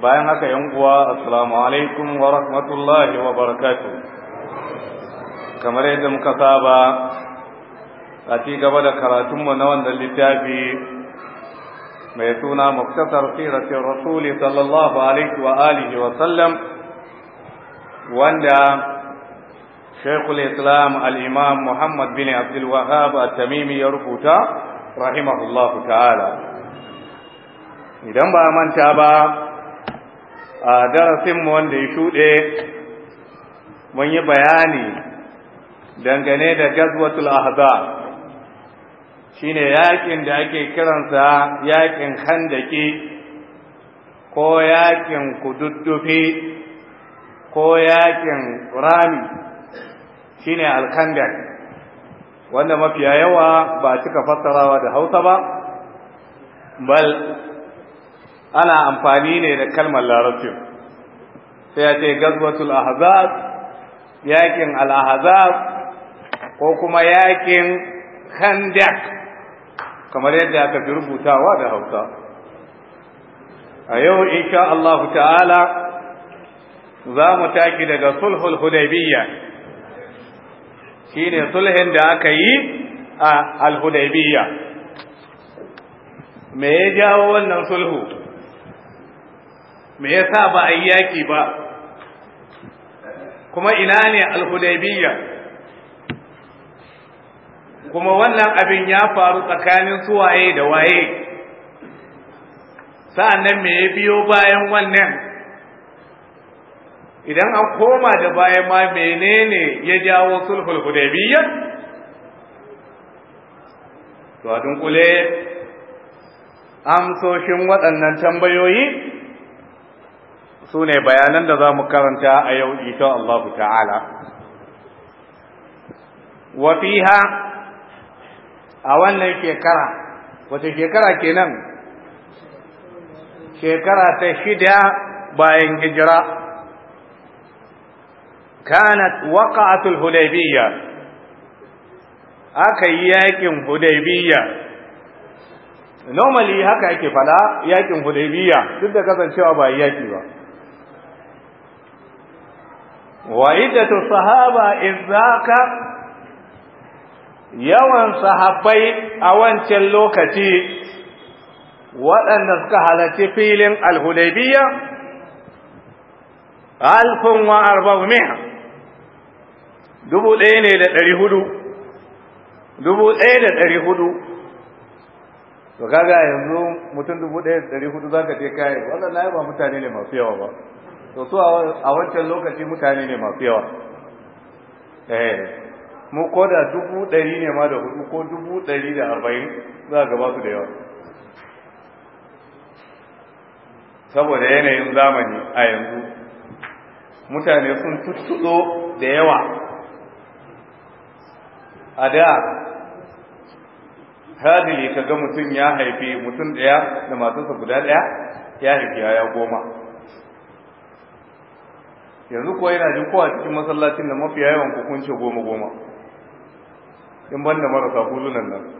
bayan haka yankuwa, uwa assalamu alaikum wa rahmatullahi wa barakatuh kamar yadda muka saba a ci gaba da karatunmu na wannan littafi mai suna muktasar siratin rasuli sallallahu alaihi wa alihi wa sallam wanda shaykhul islam al-imam muhammad bin abdul wahhab at-tamimi ya rubuta rahimahullahu ta'ala idan ba manta ba a darasinmu wanda ya shuɗe mun yi bayani dangane da gazwatul ahza shine yakin da ake kiransa yakin handaki ko yakin kududdufi ko yakin rami shine alkandak wanda mafiya yawa ba cika fassarawa da hausa ba bal ana amfani ne da kalmar larabcin sai ya ce gazwatul ahzab yakin al ahzab ko kuma yakin khandak kamar yadda aka fi rubutawa da hausa a yau insha Allah ta'ala za mu taki daga sulhul hudaybiyya shine sulhin da aka yi a al hudaybiyya me ya jawo wannan sulhu me yasa ba a yi yaƙi ba kuma ina ne al kuma wannan abin ya faru tsakanin su waye da waye sa'annan me ya biyo bayan wannan idan an koma da bayan ma menene ya jawo sulhul hudaybiyya to a dunkule amsoshin waɗannan tambayoyi su ne bayanan da za mu karanta a yau ita Allah ta'ala wafiha a wannan shekara wata shekara kenan shekara ta shida bayan hijira kanat waqa'atul hudaybiyya aka yi yakin hudaybiyya normally haka ake fada yakin hudaybiya duk da kasancewa ba yaki ba wa'idatu sahaba izaka yawan sahabbai a wancan lokaci waɗanda suka halarci filin alhudaybiya alfun wa arba'umiya dubu ɗaya ne da ɗari hudu dubu ɗaya da ɗari hudu to kaga yanzu mutum dubu ɗaya da ɗari hudu za ka je kayan wannan na ba mutane ne masu yawa ba to su a wancan lokaci mutane ne masu yawa eh mu ko da dubu ɗari ne ma da hudu ko dubu ɗari da arba'in za a gaba su da yawa saboda yanayin zamani a yanzu mutane sun tuttuɗo da yawa a da hadili ka ga mutum ya haifi mutum ɗaya da matarsa guda ɗaya ya haifi ya goma yanzu kuwa yana jin kowa cikin masallacin da mafi yawan kukunce goma goma in ban da marasa huzunan nan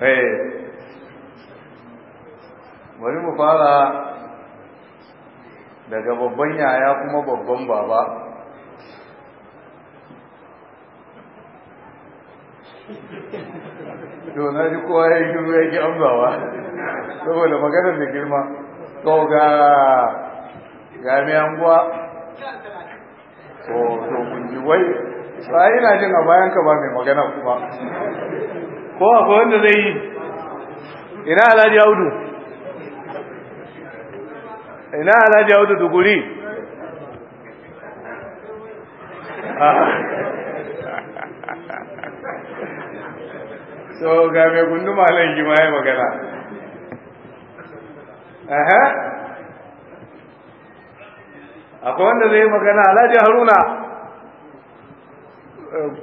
eh. bari mu fara daga babban yaya kuma babban baba to na ji kowa ya yi shiru ya ki amzawa saboda maganar da girma to ga ga mai anguwa to kun ji wai sai ina jin a bayan ka ba mai magana kuma ko akwai wanda zai yi ina alhaji audu ina alhaji audu duguri so ga mai gundu nan ji ma magana aha akwai wanda zai magana alhaji haruna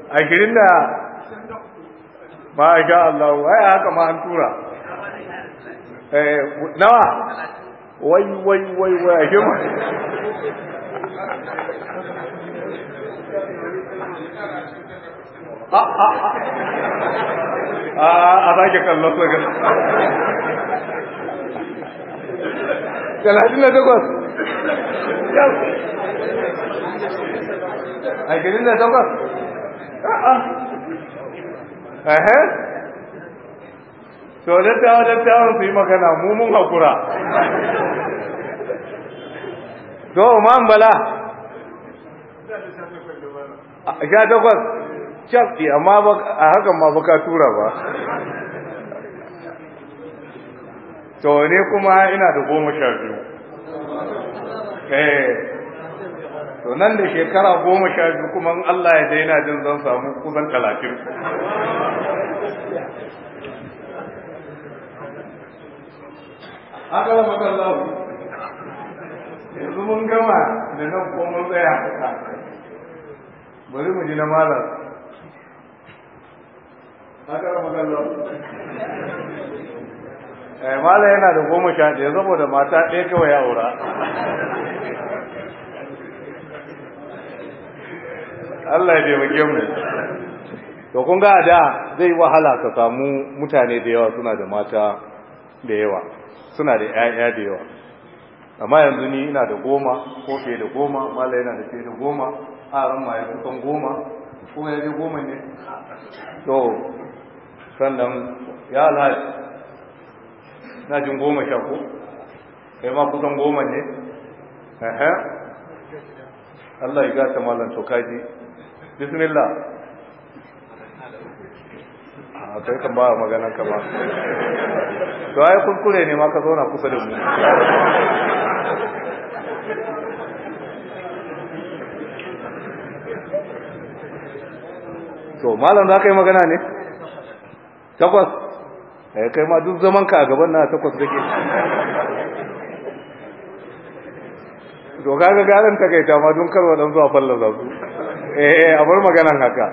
a girin da ba a sha Allah wai haka ma an tura nawa wai wai wai wai a shima a sake kallon talatin da takwas ashirin da takwas a'a a to dattawa dattawan su yi magana mumun hakura. to ma'am bala sha takwas shafi amma a hakan ma baka tura ba to ne kuma ina da goma sha biyu eh to nan da shekara goma sha biyu kuma Allah ya daina jin zan samu kusan talatin haka da makallahu yanzu mun gama da nan ko mun tsaya haka bari mu ji na malam haka da makallahu Eh, mala yana da goma sha ɗaya saboda mata ɗaya kawai ya aura Allah ya taimake mu to kun ga da zai wahala ka samu mutane da yawa suna da mata da yawa suna da ƴaƴa da yawa amma yanzu ni ina da goma ko fiye da goma mala yana da fiye da goma a ran ma ya kusan goma kuma ya je goma ne to sannan ya alhaji na jin goma sha ku kai ma kusan goma ne Allah ya gata malam to kaji bismillah a kai kan ba maganan ka ba to ai kurkure ne ma ka zauna kusa da mu to malam za ka yi magana ne takwas ya eh, kai ma duk zaman ka a gaban na takwas kake to kaga garan takaita ma don karwa don zuwa za su eh a bar maganan haka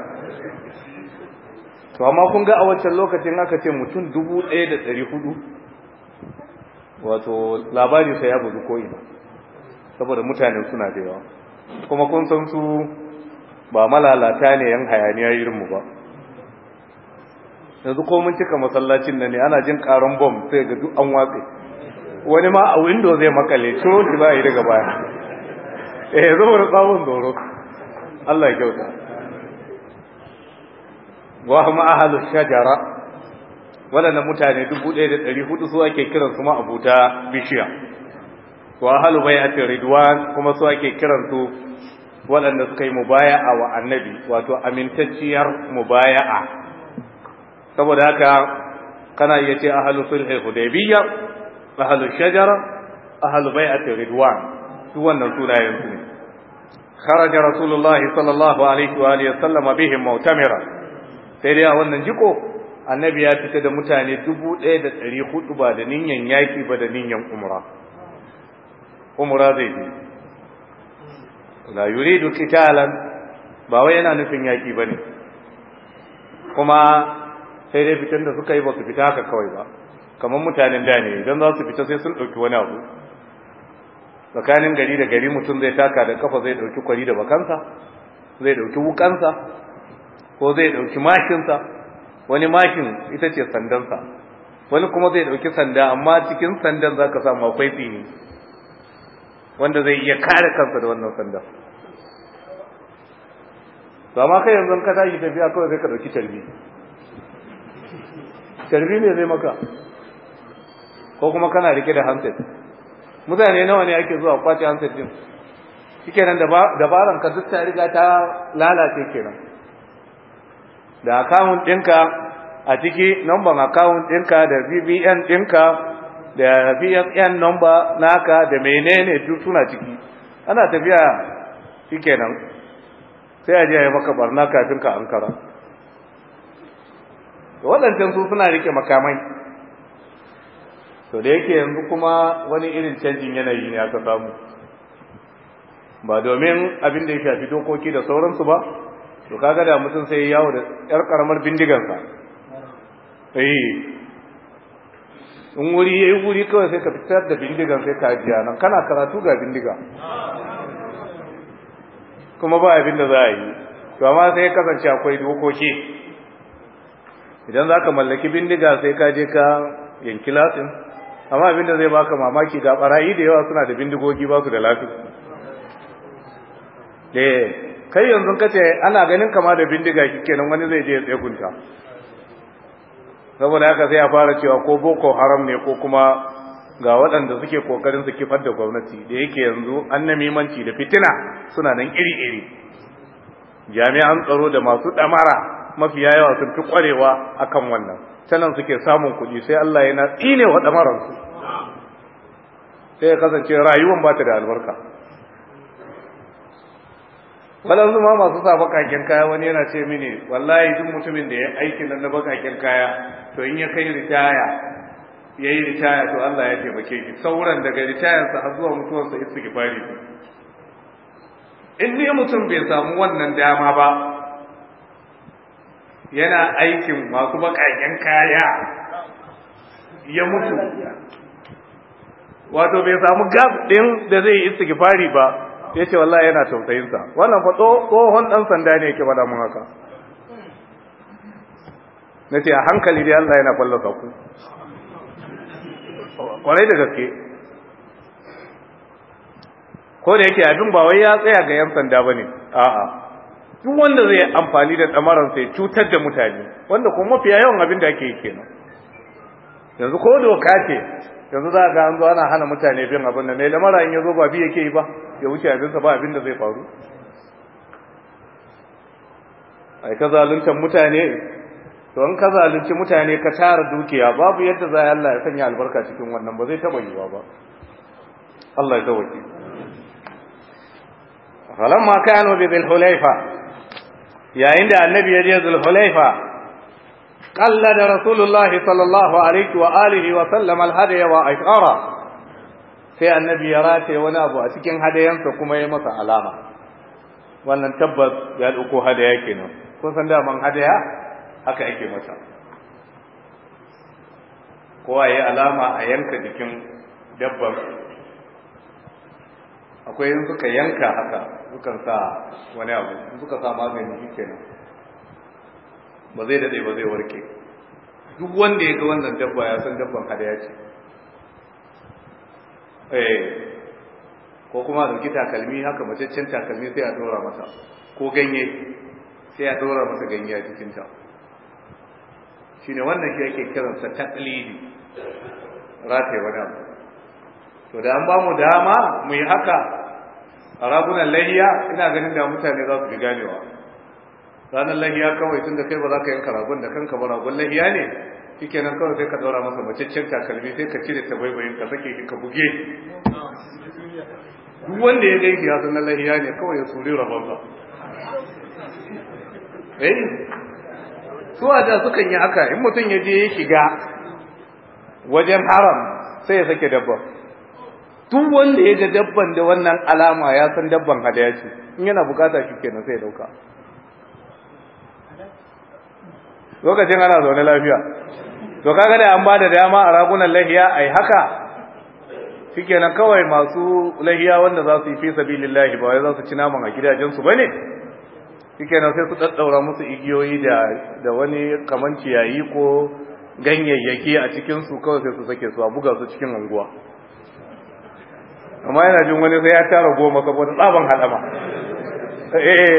to amma kun ga a wancan lokacin aka ce mutum dubu ɗaya da ɗari hudu wato labari sai ya bugu ko'ina saboda mutane suna da yawa kuma kun san su ba malalata ne yan hayaniya irinmu ba yanzu ko mun cika masallacin nan ne ana jin karan bom sai ga duk an watse wani ma a window zai makale ciro shi ba yi daga baya eh zuwa tsawon doro Allah ya kyauta wa hum ahlus shajara wadannan mutane 1400 su ake kiran su ma abuta bishiya wa ahlu bai'ati ridwan kuma su ake kiran su waɗanda suka yi mubaya'a wa annabi wato amintacciyar mubaya'a saboda haka kana iya ce ahalu sulhi hudaybiyya ahalu shajara ahalu bai'ati ridwan su wannan sunayen yanzu ne kharaja rasulullah sallallahu alaihi wa alihi sallama bihim mu'tamira sai dai a wannan jiko annabi ya fita da mutane 1400 ba da ninyan yaki ba da ninyan umra umra zai yi la yuridu qitalan ba wai yana nufin yaki bane kuma sai dai fitan da suka yi ba su fita haka kawai ba kamar mutanen da ne idan za su fita sai sun ɗauki wani abu tsakanin gari da gari mutum zai taka da kafa zai ɗauki kwari da bakansa zai ɗauki wukansa ko zai ɗauki makinsa wani makin ita ce sandansa wani kuma zai ɗauki sanda amma cikin sandan za ka samu akwai tsini wanda zai iya kare kansa da wannan sandan to amma kai yanzu ka tashi tafiya kawai sai ka ɗauki tarbi tarbi ne zai maka ko kuma kana rike da handset mutane nawa ne ake zuwa kwace handset din shikenan dabaran ka duk ta riga ta lalace kenan da account ɗinka a ciki number account ɗinka da VPN ɗinka da VPN number naka da menene duk suna ciki ana tafiya shikenan sai a je ya maka barna kafin ka ankara to waɗancan su suna rike makamai to da yake yanzu kuma wani irin canjin yanayi ne aka samu ba domin abin da ya shafi dokoki da sauransu ba to kaga da mutum sai yawo da yar karamar bindigansa eh in wuri ya yi wuri kawai sai ka fitar da bindigan sai ka ajiya nan kana karatu ga bindiga kuma ba abin da za a yi to amma sai ya kasance akwai dokoki idan za ka mallaki bindiga sai ka je ka yanki latin amma abinda zai baka mamaki ga barayi da yawa suna da bindigogi ba su da lafi da eh, kai yanzu ka ana ganin kama da bindiga nan wani zai je ya tsegunta saboda haka sai a fara cewa ko boko haram ne ko kuma ga waɗanda suke kokarin su kifar da gwamnati da yake yanzu an na mimanci da fitina suna nan iri-iri jami'an tsaro da masu ɗamara mafiya yawa sun fi kwarewa akan wannan canan suke samun kuɗi sai Allah yana tsine wa damaransu sai ya kasance rayuwan ba ta da albarka waɗansu ma masu sa bakakin kaya wani yana ce mini wallahi duk mutumin da ya aiki nan na bakakin kaya to in ya kai ritaya ya yi ritaya to Allah ya taimake ki sauran daga ritayansa har zuwa mutuwarsa fari. in ne mutum bai samu wannan dama ba yana aikin masu bakaken kaya ya mutu wato bai samu gab din da zai yi istighfari ba ya ce wallahi yana tausayinsa wannan fa tsohon dan sanda ne yake faɗa mun haka na ce a hankali dai Allah yana fallasa ku kwarai da gaske ko da yake abin ba wai ya tsaya ga yan sanda ba ne a'a duk wanda zai amfani da tsamaran sai cutar da mutane wanda kuma mafi yawan abin da ake yi kenan yanzu ko doka ce yanzu za ga an zo ana hana mutane bin abin da mai lamara in yazo zo ba bi yake yi ba ya wuce abinsa ba abin da zai faru ai ka zalunta mutane to an ka zalunci mutane ka tara dukiya babu yadda za Allah ya sanya albarka cikin wannan ba zai taba yiwa ba Allah ya tawaki falamma kanu bi dhul hulaifa yayin da annabi ya je zulhulaifa da rasulullahi sallallahu alaihi wa alihi wa sallam alhadaya wa ashara sai annabi ya rataye wani abu a cikin hadayansa kuma ya masa alama wannan tabbas ya dauko hadaya kenan kun san da man hadaya haka yake masa kowa ya alama a yanka jikin dabbar akwai yin suka yanka haka sukan sa wani abu suka sa magani shi nan, ba zai daɗe ba zai warke duk wanda ya ga wannan dabba ya san dabban hadaya ce eh ko kuma ɗauki takalmi haka macaccen takalmi sai a dora masa ko ganye sai a dora masa ganye a cikinta shine wannan shi ake kiransa taqlidi rataye wani abu to da an ba mu dama mu yi haka a ragunan lahiya ina ganin da mutane za su ganewa ranar lahiya kawai tun da kai ba za ka yanka ragon da kanka ba ragon lahiya ne shike nan kawai sai ka daura masa macaccen takalmi sai ka cire tabaibayin ka sake shi ka buge duk wanda ya gaishe ya lahiya ne kawai ya suri rabon ba eh su a da sukan yi haka in mutum ya je ya shiga wajen haram sai ya sake dabba duk wanda ya ga dabban da wannan alama ya san dabban hadaya ce in yana bukata shi kenan sai dauka lokacin ana zaune lafiya to kaga da an ba da dama a ragunan lahiya ai haka kenan kawai masu lahiya wanda za su yi fi sabilillahi ba wai za su ci naman a gidajen su bane kenan sai su daddaura musu igiyoyi da wani kaman ciyayi ko ganyayyaki a cikinsu kawai sai su sake su a buga su cikin unguwa amma yana jin wani sai ya tara goma saboda tsaban hadama eh, eh,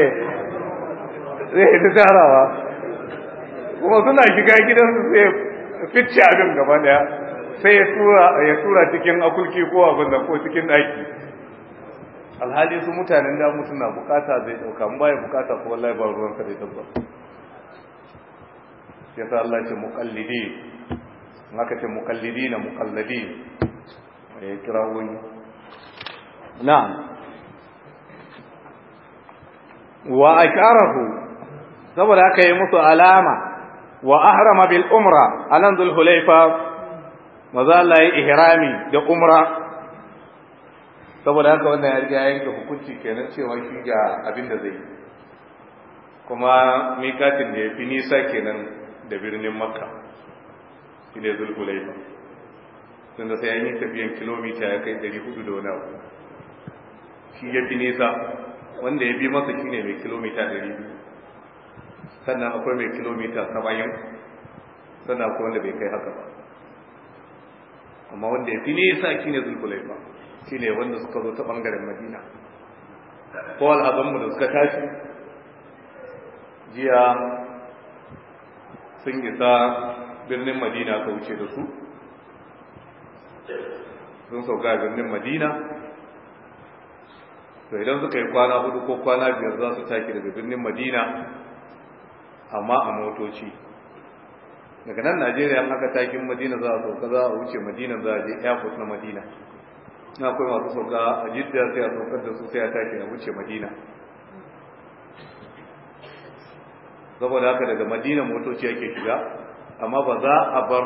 eh zai ta tarawa kuma suna shiga su sai ficce abin gaba daya sai ya tura ya tura cikin akulki ko abin da ko cikin daki alhali su mutanen da mu suna bukata zai dauka mun baya bukata ko wallahi ba ruwan ka zai dabba ya sa Allah ce muqallidi maka ce muqallidi na muqallidi kira wani na'am wa asharahu saboda aka yi musu alama wa ahrama bil umra anan dhul hulaifa maza Allah ya da umra saboda haka wannan ya riga yanke hukunci kenan cewa shi ga abin da zai yi kuma miƙatin da ya fi nisa kenan da birnin makka shi ne zulhulaifa tunda sai an yi tafiyan kilomita ya kai 400 da wani abu shi ya fi nesa wanda ya bi masa shi ne mai kilomita ɗari sannan akwai mai kilomita 70 sannan akwai wanda bai kai haka ba amma wanda ya fi nesa shi ne ba, shi ne wanda suka zo ta ɓangaren madina ko al'adunmu da suka tashi jiya sun isa birnin madina ka wuce da su sun sauka birnin madina to idan suka yi kwana hudu ko kwana biyar za su take daga birnin madina amma a motoci daga nan najeriya aka takin madina za a sauka za a wuce madina za a je airport na madina na kuma masu sauka a jidda sai a saukar da su sai a take na wuce madina saboda haka daga madina motoci yake shiga amma ba za a bar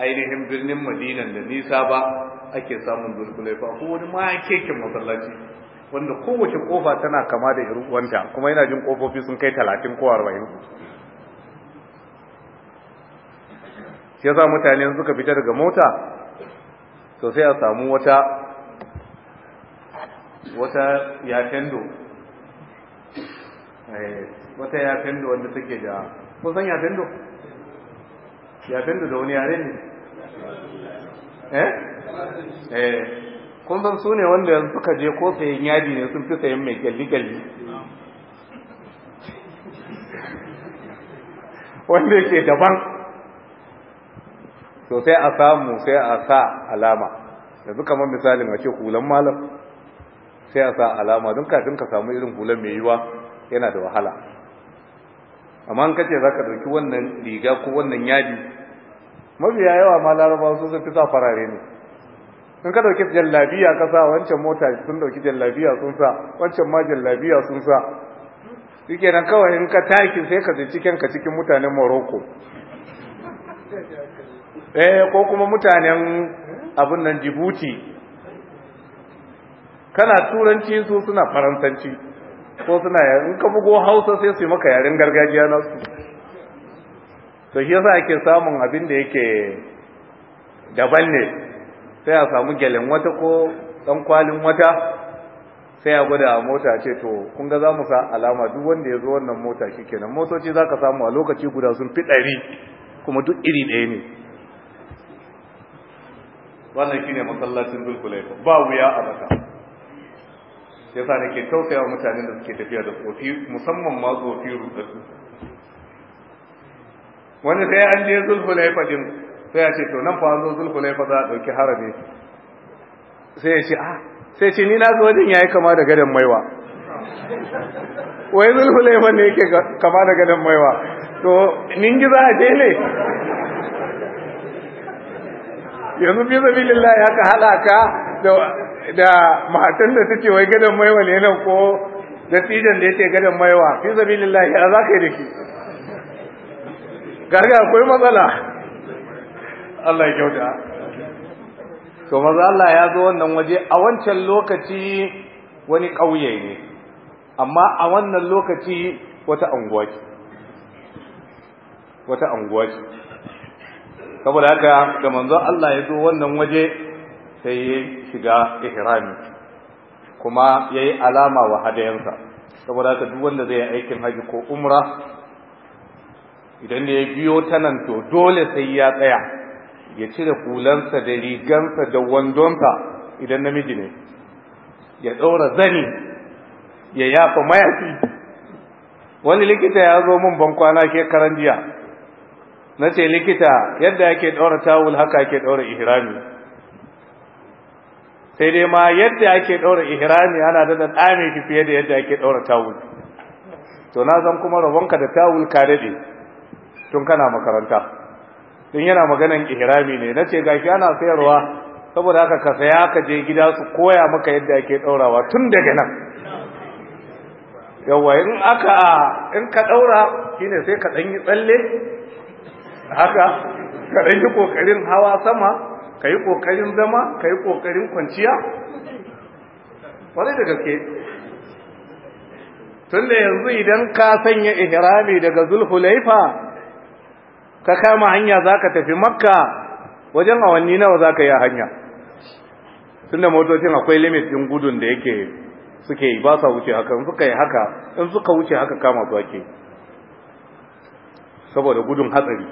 ainihin birnin madinan da nisa ba ake samun zulkulaifa ko wani makekin masallaci wanda kowace kofa tana kama da irin wanda kuma yana jin kofofi sun kai talatin ko arba'in shi yasa mutane suka fita daga mota to sai a samu wata wata yatendo eh, wata tendo wanda take da ko san Ya tendo da wani yare ne eh Eh, kun san su ne wanda yanzu suka je ko sayan yadi ne sun fi sayan mai gyalli-gyalli wanda yake daban to sai a samu sai a sa alama yanzu kamar misalin a ce hulan malam sai a sa alama don kafin ka samu irin hulan mai yiwa yana da wahala amma an kace za ka ɗauki wannan riga ko wannan yadi mafiya yawa ma laraba su sun fi sa farare ne in ka dauki jallabiya ka sa wancan mota sun dauki jallabiya sun sa wancan ma jallabiya sun sa shike nan kawai in ka taki sai ka ji cikin ka cikin mutanen Morocco eh ko kuma mutanen abin nan Djibouti kana turanci su suna faransanci ko suna in ka bugo Hausa sai su yi maka yaren gargajiya na su to shi yasa ake samun abin da yake daban ne sai a samu gyalen wata ko dan kwalin wata sai a gwada a mota ce to kun ga za mu sa alama duk wanda ya zo wannan mota shi kenan motoci za ka samu a lokaci guda sun fi ɗari kuma duk iri ɗaya ne wannan shine masallacin zulkulaifa ba wuya a ya sa nake tausaya wa mutanen da suke tafiya da tsofi musamman ma tsofi rutsatsu wanda sai an je zulkulaifa din sai ya ce to nan fa zo zulkulai fa za a dauki harami sai ya ce ah sai ce ni na zo wajen yayi kama da gadan maiwa wai zulkulai fa ne yake kama da gadan maiwa to gi za a je ne yanzu fi sabilillah haka halaka da da matan da take wai gadan maiwa ne nan ko da tijan da yake gadan maiwa fi sabilillah ya za ka yi da shi garga akwai matsala Allah ya kyauta to maza Allah ya zo wannan waje a wancan lokaci wani ƙauye ne amma a wannan lokaci wata anguwa ce wata anguwa ce saboda haka da manzo Allah ya zo wannan waje sai ya shiga ihrami kuma ya yi alama wa hadayensa saboda haka duk wanda zai yi aikin haji ko umra idan da ya biyo tanan to dole sai ya tsaya ya cire kulansa da rigansa da wandonsa idan namiji ne ya ɗora zani ya yafa mayafi wani likita ya zo min bankwana shekaran jiya na ce likita yadda yake ɗora tawul haka yake ɗora ihrami sai dai ma yadda ake ɗora ihrami ana da ɗame shi fiye da yadda ake ɗora tawul to na zan kuma rabonka da tawul ka daɗe tun kana makaranta din yana maganan ihrami ne nace gashi ana sayarwa saboda haka ka saya ka je gida su koya maka yadda ake daurawa tun daga nan yawa in aka in ka daura shine sai ka danyi yi tsalle haka ka danyi yi kokarin hawa sama ka yi kokarin zama ka yi kokarin kwanciya Wani da gaske tun da yanzu idan ka sanya ihrami daga zulhulaifa ka kama hanya za ka tafi makka wajen awanni nawa ka yi hanya tunda motocin akwai limit din gudun da yake suke yi ba sa wuce haka in suka yi haka in suka wuce haka kama su ake saboda gudun hatsari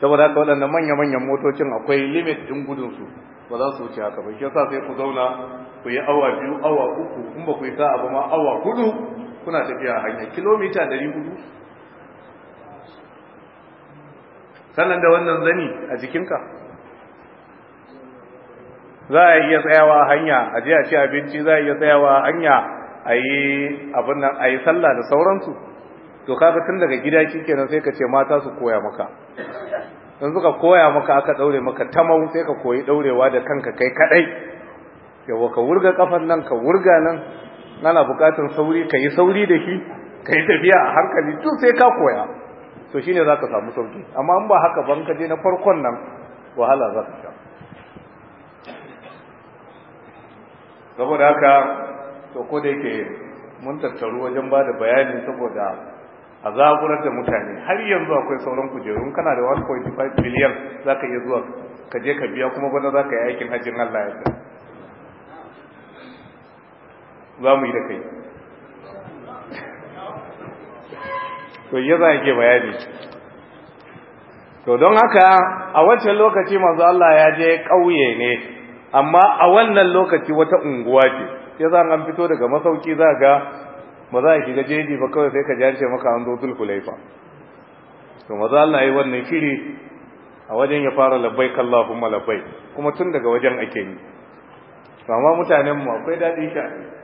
saboda haka waɗannan manya-manyan motocin akwai limit din gudunsu ba za su wuce haka ba shi yasa sai ku zauna ku yi awa biyu awa uku kuma ku yi sa'a ba ma awa hudu kuna tafiya hanya kilomita ɗari sannan da wannan zani a jikinka za a iya tsayawa hanya a je a ci abinci za a iya tsayawa hanya a yi abin nan a yi sallah da sauransu to kaga tun daga gida kenan sai ka ce mata su koya maka in suka koya maka aka daure maka tamau sai ka koyi daurewa da kanka kai kadai yawa ka wurga kafan nan ka wurga nan ana bukatun sauri ka yi sauri da shi ka yi tafiya a hankali duk sai ka koya to shine zaka samu sauki amma an ba haka ban ka je na farkon nan wahala za ka sha saboda haka to ko da yake mun tattaru wajen ba da bayani saboda a zaburar da mutane har yanzu akwai sauran kujerun kana da 1.5 biliyan za ka iya zuwa ka je ka biya kuma bana za ka yi aikin hajjin Allah ya za mu yi da kai to yi za ke bayani to don haka a wancan lokaci mazu Allah ya je ƙauye ne amma a wannan lokaci wata unguwa ce ya za an fito daga masauki za ga ba za a shiga jeji ba kawai sai ka jarce maka an zo laifa. to mazu Allah ya yi wannan shiri a wajen ya fara labbai kallafin malabai kuma tun daga wajen ake yi amma mutanenmu akwai dadi sha'ani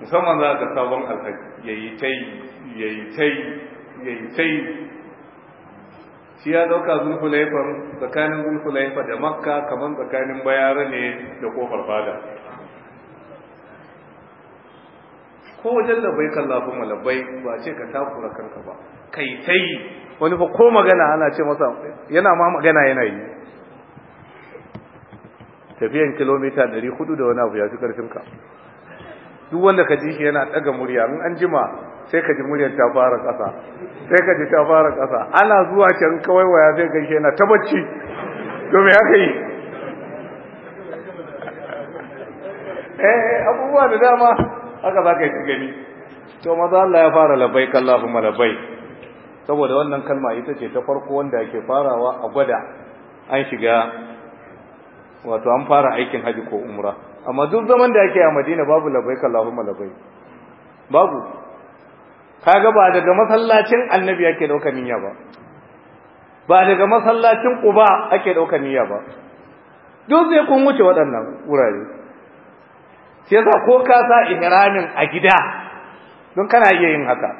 musamman za ga sabon alhaji yayi tai yayi tai yayi tai shi ya dauka zulhulaifan tsakanin zulhulaifa da makka kaman tsakanin bayara ne da kofar fada ko wajen labai kan lafi malabai ba ce ka takura kanka ba kai tai wani ba ko magana ana ce masa yana ma magana yana yi tafiyan kilomita 400 da wani abu ya fi karfin ka duk wanda ka ji shi yana daga murya in an jima sai ka ji muryar ta fara ƙasa sai ka ji ta fara ƙasa ana zuwa can kawai waya zai ga shi yana ta bacci to me aka yi eh abubuwa da dama haka za ka yi gani to maza Allah ya fara labai kallahumma labai saboda wannan kalma ita ce ta farko wanda ake farawa a gwada an shiga wato an fara aikin haji ko umra amma duk zaman da ake a madina babu labbaik allahumma labai, babu kaga ba daga masallacin annabi ake daukar niyya ba ba daga masallacin quba ake daukar niyya ba duk sai kun wuce waɗannan wurare sai yasa ko ka sa ihramin a gida don kana iya yin haka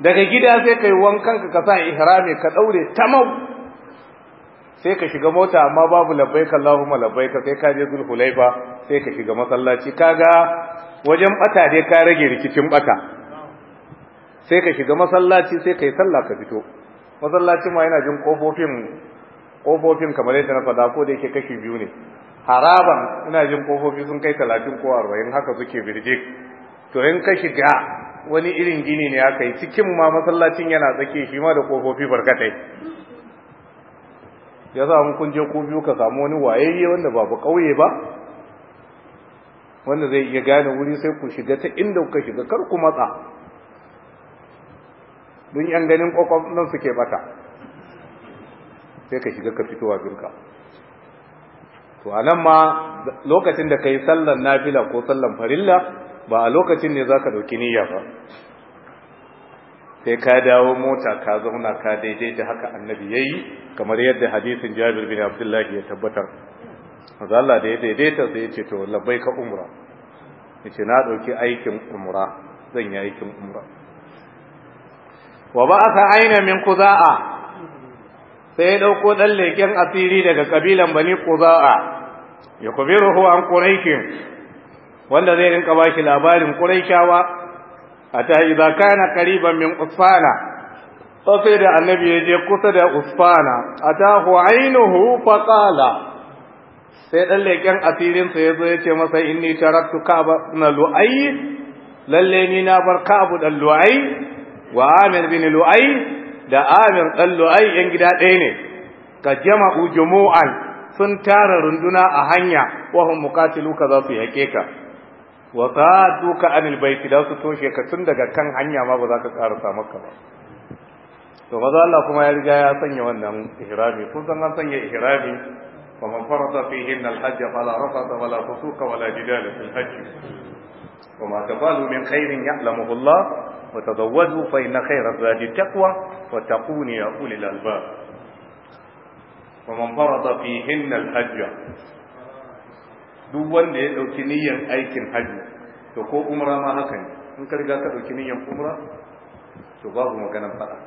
daga gida sai kai wankan ka ka sa ihrami ka daure tamam sai ka shiga mota amma babu labbaika Allahumma labbaika sai ka je zul hulaifa sai ka shiga masallaci kaga wajen bata dai ka rage rikicin bata sai ka shiga masallaci sai kai sallah ka fito masallaci ma yana jin kofofin kofofin kamar yadda na faɗa ko da yake kashi biyu ne haraban ina jin kofofi sun kai talatin ko arba'in haka suke birje to in ka shiga wani irin gini ne aka yi cikin ma masallacin yana tsake shi ma da kofofi barkatai ya za mu kun je ku biyu ka samu wani wayayye wanda ba ƙauye ba wanda zai iya gane wuri sai ku shiga ta inda kuka shiga kar ku matsa don yan ganin kwakwam nan suke bata sai ka shiga ka fitowa binka to anan ma lokacin da kai sallan nafila ko sallan farilla ba a lokacin ne zaka ɗauki niyya ba sai ka dawo mota ka zauna ka daidaita haka annabi ya yi kamar yadda hadisin Jabir bin Abdullah ya tabbatar manzo Allah da ya daidaita sai ya ce to ka umra ce na dauki aikin umra zan yi aikin umra wa ba'atha aina min a sai ya ɗauko dan leƙen asiri daga kabilan bani qudaa ya kubiruhu an quraishin wanda zai rinka shi labarin quraishawa ata idza kana qariban min usfana sai da annabi ya je kusa da usfana hu ainuhu fa qala sai dan leken asirin sa yazo ya ce masa inni taraktu ka'ba na lu'ay lalle ni na bar ka'bu dan lu'ay wa amir bin lu'ay da amir dan lu'ay yan gida ɗaya ne ka jama'u jumu'an sun tara runduna a hanya wa hum muqatilu za su hakika ka wa sadduka anil baiti da su toshe ka tun daga kan hanya ma ba za ka karasa maka ba to maza Allah kuma ya riga ya sanya wannan ihrami kun san an sanya ihrami fa man farada fihi al hajj fala rafata wala fusuka wala jidala fil hajj wa ma tafalu min khairin ya'lamuhu Allah wa tazawwaju fa inna khayra zadi taqwa wa taquni ya ulil albab wa man farada fihi al hajj duk wanda ya ɗauki niyyar aikin hajji to ko umra ma haka ne in ka riga ka ɗauki niyyar umra to babu maganar faɗa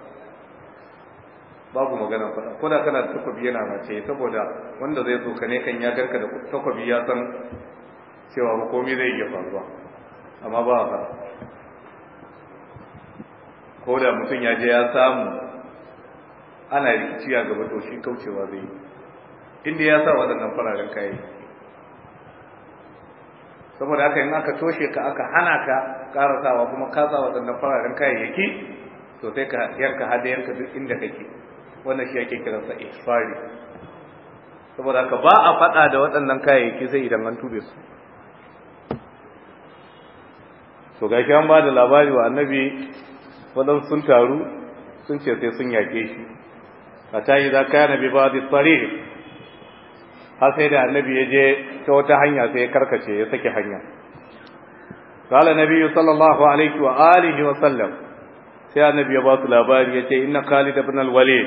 babu maganar faɗa ko da kana da takobi yana mace saboda wanda zai zo ka ne kan ya garka da takobi ya san cewa ba komai zai iya faruwa amma ba a faɗa ko da mutum ya je ya samu ana rikici a gaba to shi kaucewa zai yi inda ya sa waɗannan fararen kayayyaki saboda haka in aka toshe ka aka hana ka karasawa kuma ka tsawa waɗannan fararen kayayyaki to sai ka yanka yanka duk inda kake wannan shi ake kiransa ifari saboda haka ba a faɗa da waɗannan kayayyaki sai idan an tube su to gashi an ba da labari wa annabi wadan sun taru sun ce sai sun yake shi a tayi za ka yana bi ba da tsari har sai da annabi ya je ta wata hanya sai ya karkace ya saki hanya qala nabiyyu sallallahu alaihi wa alihi wa sallam sai annabi ya ba su labari yace inna khalid ibn al Wali.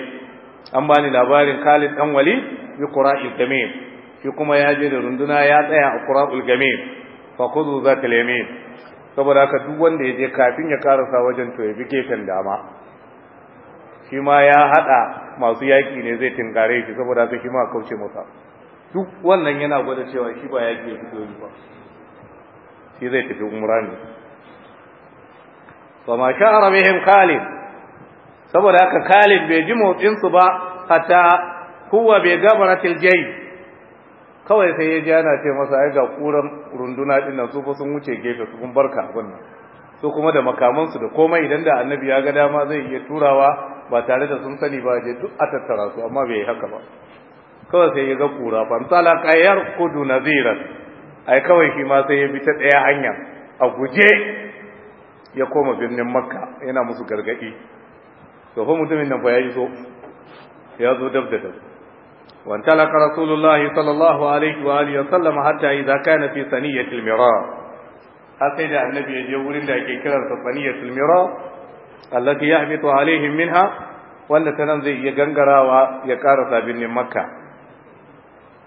an bani labarin khalid dan Wali bi qura'il gamim shi kuma ya je da runduna ya tsaya a qura'ul gamim fa khudhu zakal yamin saboda haka duk wanda ya je kafin ya karasa wajen to ya bi gefen dama shi ma ya hada masu yaki ne zai tingare shi saboda haka shi ma kauce masa duk wannan yana gwada cewa shi ba yaki ya fito ba shi zai tafi umra ne fa ma sha'ara bihim Khalid saboda haka Khalid bai ji motsin su ba hatta huwa bai gabaratil jay kawai sai ya ji ana ce masa ai ga kuran runduna din nan su fa sun wuce gefe su kun barka abin nan su kuma da makaman su da komai idan da annabi ya ga dama zai iya turawa ba tare da sun sani ba je duk a tattara su amma bai haka ba kawai sai ya ga kura ban talaka kudu naziran ai kawai shi ma sai ya bi ta daya hanya a guje ya koma birnin makka yana musu gargadi to fa mutumin nan fa ya iso ya zo dab da dab وانطلق رسول الله صلى الله عليه وآله وسلم حتى إذا كان ya ثنية المراء أسيد النبي يقول لك كلا ثنية المراء التي يهبط عليهم zai iya gangarawa ya ويقارث birnin Makka.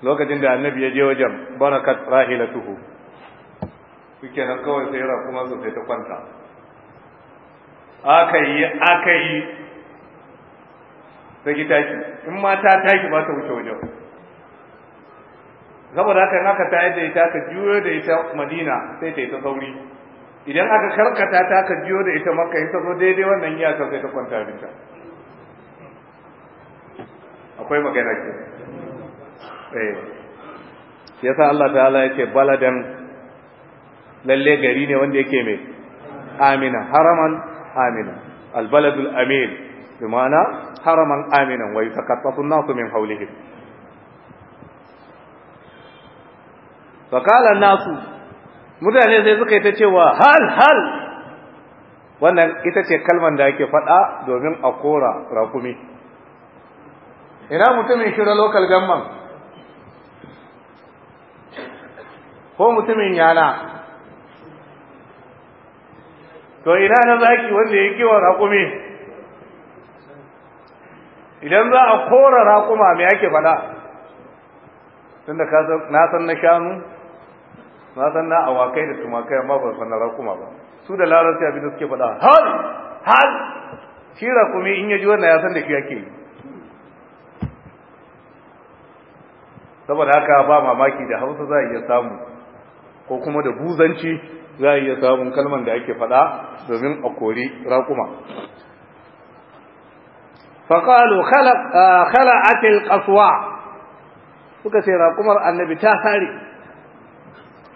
lokacin da annabi ya je wajen barakat rahilatuhu suke nan kawai sai kuma su sai ta kwanta aka yi aka yi sai ki tashi in ma ta tashi ba ta wuce wajen saboda haka naka ta yi da ita ka juyo da ita madina sai ta yi ta sauri idan aka karkata ta ka juyo da ita makka in ta zo daidai wannan iyakar sai ta kwanta da ita akwai magana kenan Eh. yasa Allah ta'ala yake baladan lalle gari ne wanda yake mai amina haraman amina albaladul amin bi ma'ana haraman aminan wa yatakaffafu nasu min hawlihim fa nasu mutane sai suka yi ta cewa hal hal wannan ita ce kalman da ake faɗa domin a kora rakumi ina mutumin shira local gamman ko mutumin yana to ina na zaki wanda ya wa raƙumi idan za a kora raƙuma me ake fada tunda na san na shanu na san na awakai da tumakai amma ban san na raƙuma ba su da larabci abin da suke fada hal hal shi raƙumi in ya ji wannan ya san da shi yake yi saboda haka ba mamaki da hausa za a iya samu ko kuma da buzanci za a iya samun kalman da ake faɗa domin a kori raƙuma faƙalu khala'atil ƙasuwa suka ce raƙumar annabi ta sare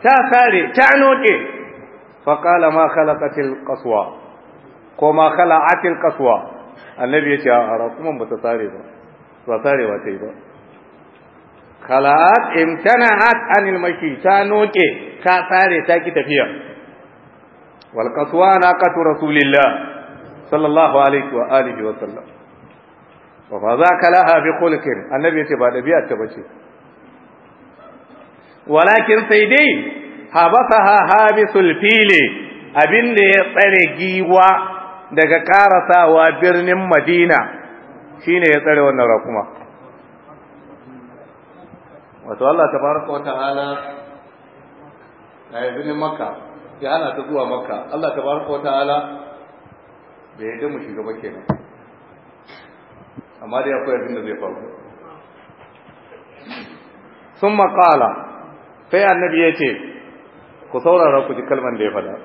ta sare ta noke faƙala ma khala'atil ƙasuwa ko ma khala'atil ƙasuwa annabi ya ce a raƙuman ba ta sare ba ba sarewa ta yi ba khalat imtana'at anil mashi ta noke ta tsare ta ki tafiya wal qaswa naqatu rasulillah sallallahu alaihi wa alihi wa sallam wa fa zaka laha bi khulqin annabi yace ba dabi'a ta bace walakin sai dai habasaha habisul fili abin ya tsare giwa daga ƙarasawa birnin madina shi ne ya tsare wannan raƙuma. wato Allah ta baraka wa ta'ala a yanzu ne makka ya ana ta zuwa makka Allah ta baraka wa ta'ala bai yadda mu shiga ba nan amma dai akwai abin da zai faru sun makala. sai annabi ya ce ku saurara ku ji kalman da ya faɗa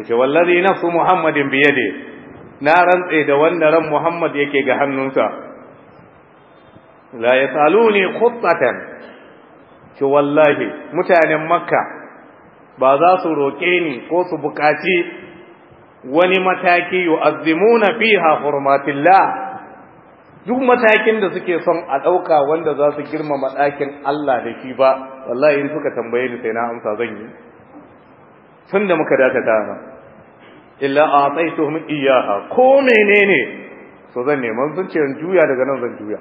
ya ce wallazi nafsu muhammadin biyade na rantse da wanda ran muhammad yake ga hannunsa la ne, khuttatan ki wallahi mutanen makka ba za su roƙe ni ko su buƙaci wani mataki yu'azzimuna fiha hurmatillah duk matakin da suke son a ɗauka wanda za su girmama ɗakin Allah da shi ba wallahi in suka tambaye sai na amsa zan yi tun da muka dakata ba illa a tsaituhum iyaha ko menene su zan neman sun juya daga nan zan juya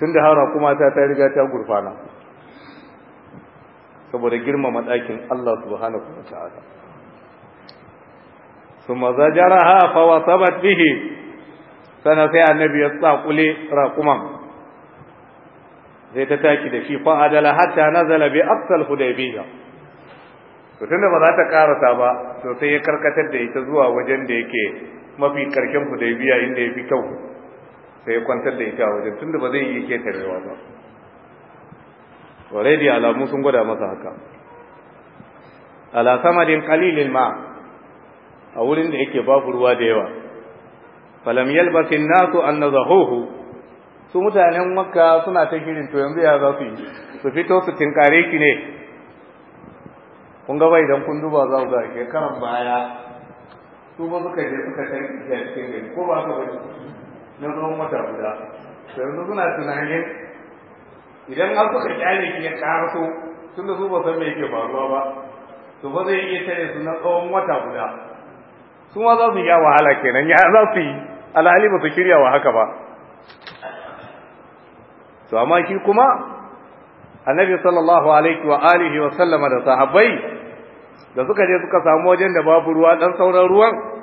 tun da hara kuma ta ta riga ta gurfana saboda girmama ɗakin Allah subhanahu wa ta'ala summa zajaraha fa wasabat bihi sana sai annabi ya tsakule raquman Zai ta taki da shi fa adala hatta nazala bi aqsal hudaybiyya to tunda ba za ta karasa ba to sai ya karkatar da ita zuwa wajen da yake mafi karshen hudaybiyya inda yafi kyau sai ya kwantar da ita a wajen tunda ba zai iya ketarewa ba already alamu sun gwada masa haka ala samadin ma a wurin da yake babu ruwa da yawa falam yalbasin nasu an nazahuhu su mutanen makka suna ta shirin to yanzu ya za su yi su fito su tinkare ki ne kun ga bai dan kun duba za ku ga shekaran baya su ba suka je suka tanki a cikin gari ko ba su ba? na tsawon wata guda yanzu suna tunanin idan an suka kyale shi ya karaso tun da su ba san me yake faruwa ba to ba zai iya tare su na tsawon wata guda su ma za su yi wahala kenan ya za su yi alhali ba su shirya wa haka ba to amma shi kuma annabi sallallahu alaihi wa alihi wa sallama da sahabbai da suka je suka samu wajen da babu ruwa dan sauran ruwan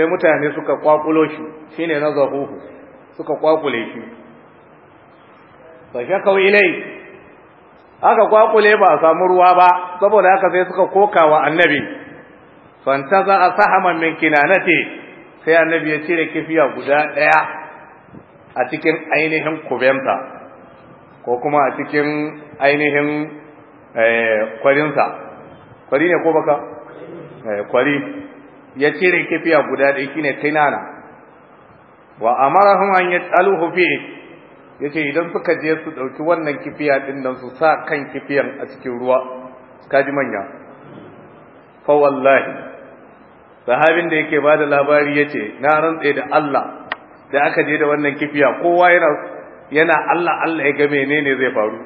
sai mutane suka kwakulo shi shi ne na zahuhu suka kwakule shi sashen kawai ilai aka kwakule ba a samu ruwa ba saboda haka sai suka koka wa annabi fantaza asahaman min kinanate sai annabi ya cire kifiya guda daya a cikin ainihin kubenta ko kuma a cikin ainihin eh, kwarinsa kwari ne ko baka eh, kwari ya cire kifiya guda ɗaya shine kinana wa amarahum an yas'aluhu fi yace idan suka je su ɗauki wannan kifiya din nan su sa kan kifiyan a cikin ruwa kaji manya fa wallahi sahabin da yake bada labari yace na rantse da Allah da aka je da wannan kifiya kowa yana yana Allah Allah ya ga menene zai faru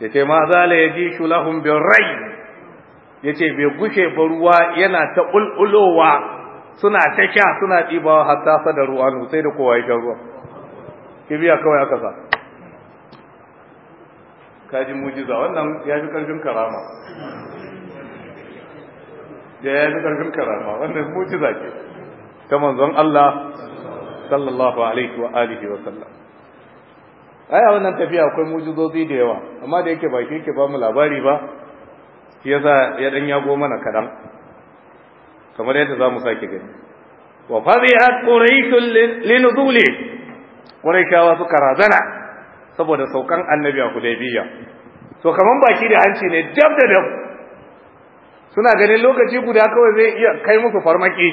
yace ma ya ji lahum bir rai yace bai gushe ba ruwa yana ta ululowa suna ta sha suna har ta sada ruwa sai da kowa ya ruwa kibiya kawai aka sa kaji mujiza wannan ya fi ƙarfin karama da ya fi karfin karama wannan mujiza ce ta manzon Allah sallallahu alaihi wa alihi wa sallam ai a wannan tafiya akwai mujizozi da yawa amma da yake ba shi yake ba mu labari ba shi sa ya dan yago mana kaɗan. kamar yadda za zamu sake gani wa lina quraishun linuzuli quraishawa suka razana saboda saukan annabi a hudaybiya to kaman baki da hanci ne dab da dab suna ganin lokaci guda kawai zai iya kai musu farmaki